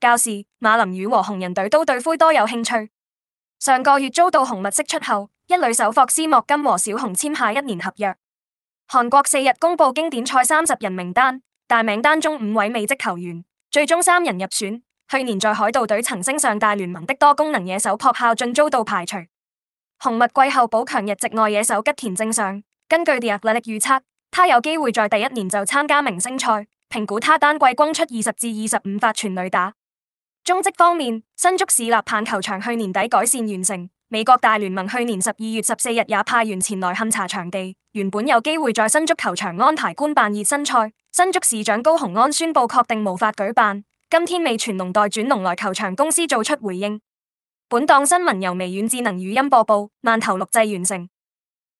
教士、馬林魚和紅人隊都對灰多有興趣。上個月遭到紅襪釋出後，一壘手霍斯莫金和小熊簽下一年合約。韓國四日公布經典賽三十人名單，大名單中五位美職球員，最終三人入選。去年在海盜隊曾升上大聯盟的多功能野手朴孝俊遭到排除。紅襪季後補強日籍外野手吉田正尚，根據 The Athletic 預測，他有機會在第一年就參加明星賽。評估他單季轟出二十至二十五發全壘打。中職方面，新竹市立棒球場去年底改善完成，美國大聯盟去年十二月十四日也派員前來勘查場地，原本有機會在新竹球場安排官辦熱身賽，新竹市長高虹安宣布確定無法舉辦。今天味全龍代轉龍來球場公司做出回應。本檔新聞由微軟智能語音播報，慢投錄製完成。